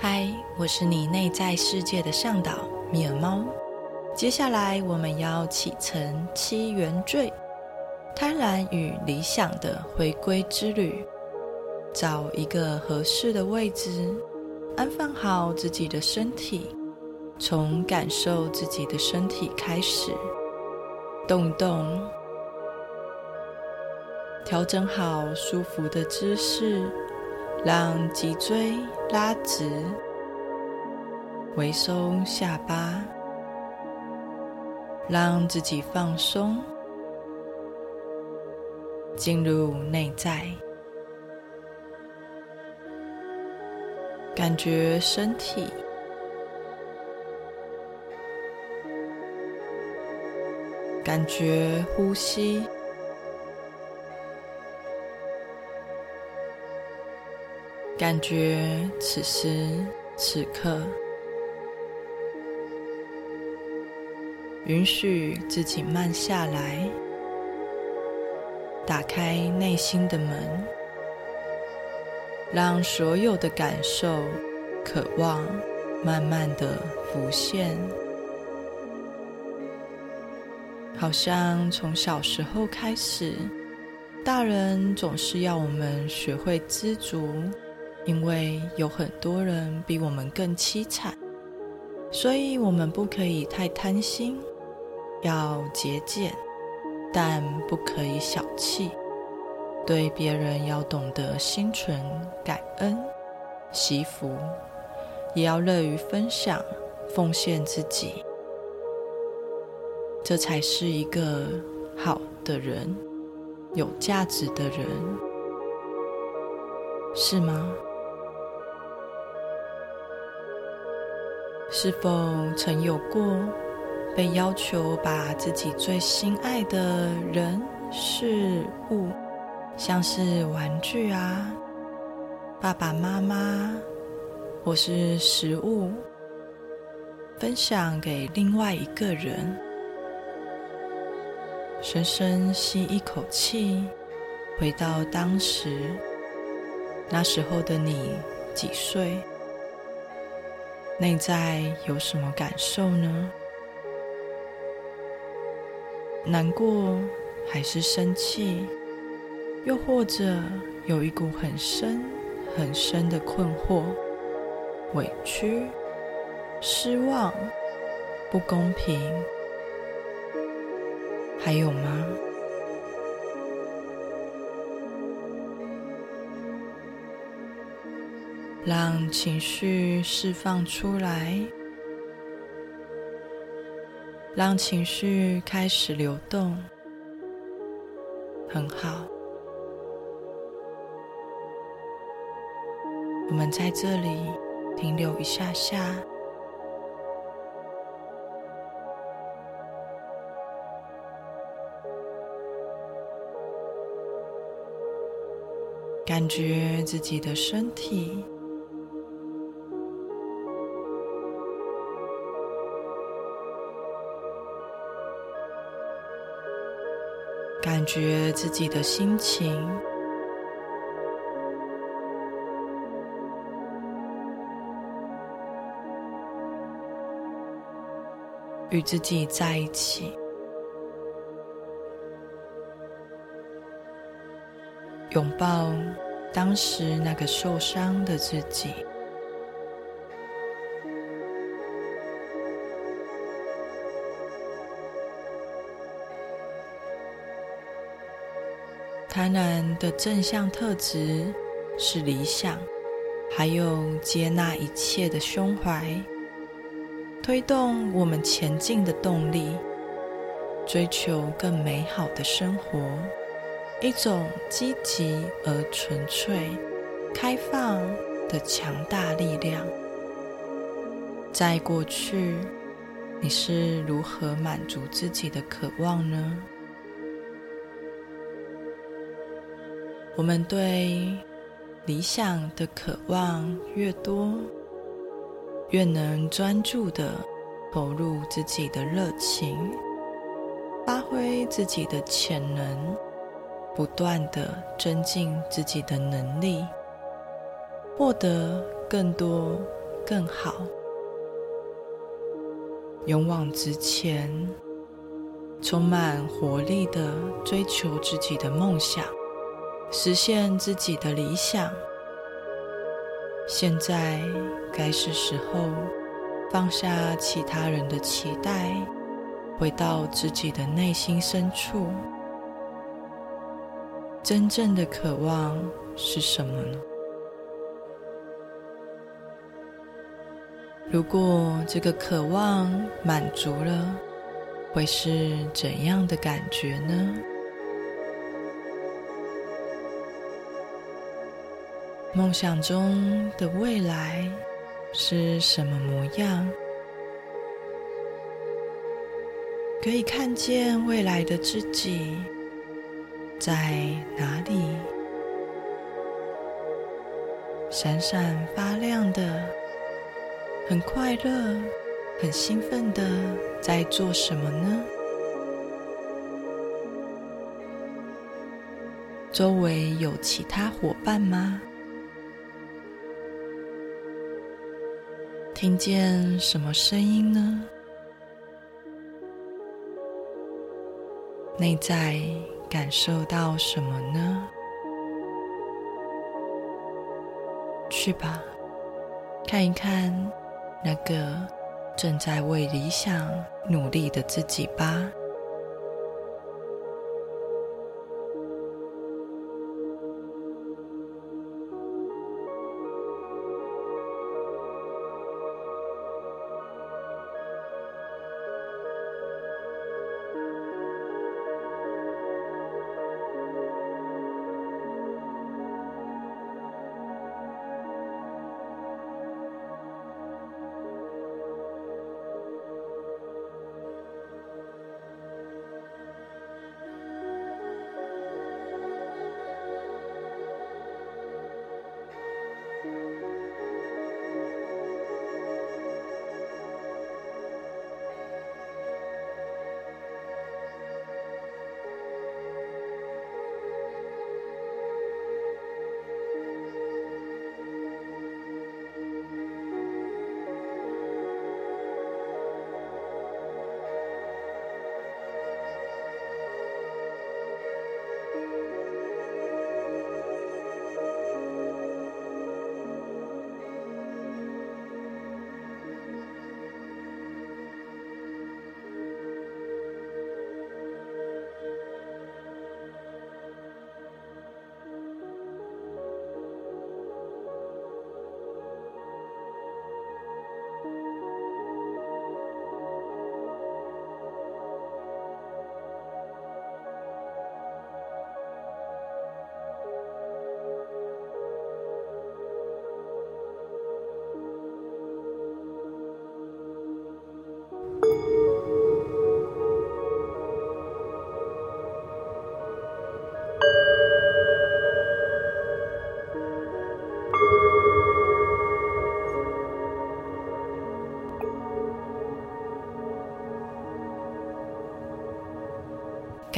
嗨，Hi, 我是你內在世界的向導米爾貓。接下來我們要啟程七原罪——貪婪與理想的回歸之旅。找一個合適的位置，安放好自己的身體，從感受自己的身體開始，動一動，調整好舒服的姿勢。讓脊椎拉直，回收下巴，讓自己放鬆，進入內在，感覺身體，感覺呼吸。感覺此時此刻，允許自己慢下來，打開內心的門，讓所有的感受、渴望慢慢的浮現。好像從小時候開始，大人總是要我們學會知足。因為有很多人比我們更淒慘，所以我們不可以太貪心，要節儉，但不可以小氣。對別人要懂得心存感恩、惜福，也要樂於分享、奉獻自己，這才是一個好的人、有價值的人，是嗎？是否曾有過被要求把自己最心愛的人事物，像是玩具啊、爸爸媽媽或是食物，分享給另外一個人？深深吸一口氣，回到當時，那時候的你幾歲？內在有什麼感受呢？難過還是生氣？又或者有一股很深很深的困惑、委屈、失望、不公平，還有嗎？讓情緒釋放出來，讓情緒開始流動，很好。我們在這裡停留一下下，感覺自己的身體。感覺自己的心情，與自己在一起，擁抱當時那個受傷的自己。貪婪的正向特質是理想，還有接納一切的胸懷，推動我們前進的動力，追求更美好的生活，一種積極而純粹、開放的強大力量。在過去，你是如何滿足自己的渴望呢？我們對理想的渴望越多，越能專注的投入自己的熱情，發揮自己的潛能，不斷的增進自己的能力，獲得更多、更好，勇往直前，充滿活力的追求自己的夢想。實現自己的理想。現在該是時候放下其他人的期待，回到自己的內心深處，真正的渴望是什麼呢？如果這個渴望滿足了，會是怎樣的感覺呢？夢想中的未來是什麼模樣？可以看見未來的自己在哪裡？閃閃發亮的，很快樂，很興奮的，在做什麼呢？周圍有其他夥伴嗎？聽見什麼聲音呢？內在感受到什麼呢？去吧，看一看那個正在為理想努力的自己吧。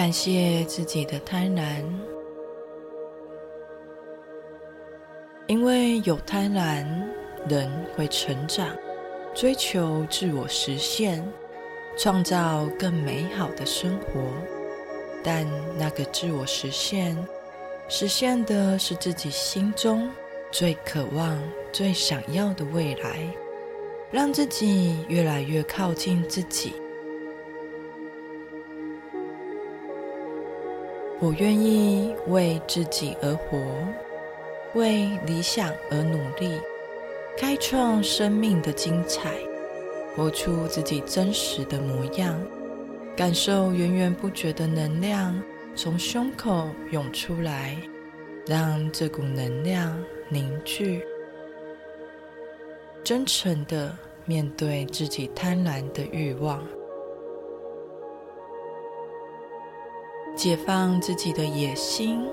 感謝自己的貪婪，因為有貪婪，人會成長，追求自我實現，創造更美好的生活。但那個自我實現，實現的是自己心中最渴望、最想要的未來，讓自己越來越靠近自己。我願意為自己而活，為理想而努力，開創生命的精彩，活出自己真實的模樣，感受源源不絕的能量從胸口湧出來，讓這股能量凝聚，真誠地面對自己貪婪的慾望。解放自己的野心、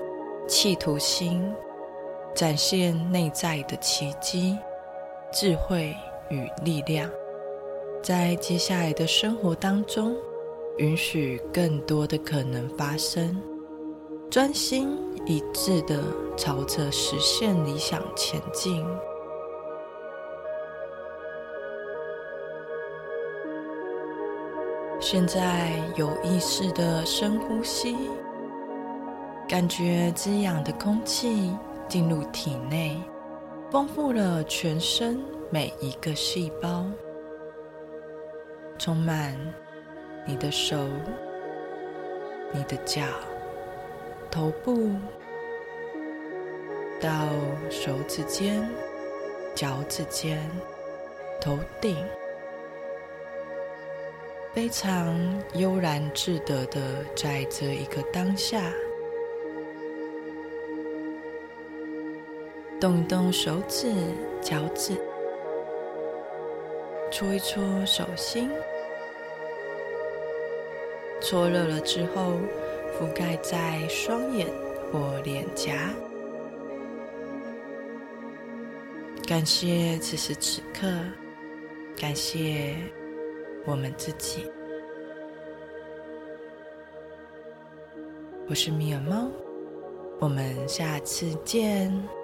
企圖心、展現內在的奇蹟、智慧與力量。在接下來的生活當中，允許更多的可能發生，專心一致地朝着實現理想前進。現在有意識的深呼吸，感覺滋養的空氣進入體內，豐富了全身每一個細胞，充滿你的手、你的腳、頭部，到手指尖、腳趾尖、頭頂。非常悠然自得的，在這一個當下，動一動手指、腳趾，搓一搓手心，搓熱了之後，覆蓋在雙眼或臉頰。感謝此時此刻，感謝。我們自己，我是米爾貓，我們下次見。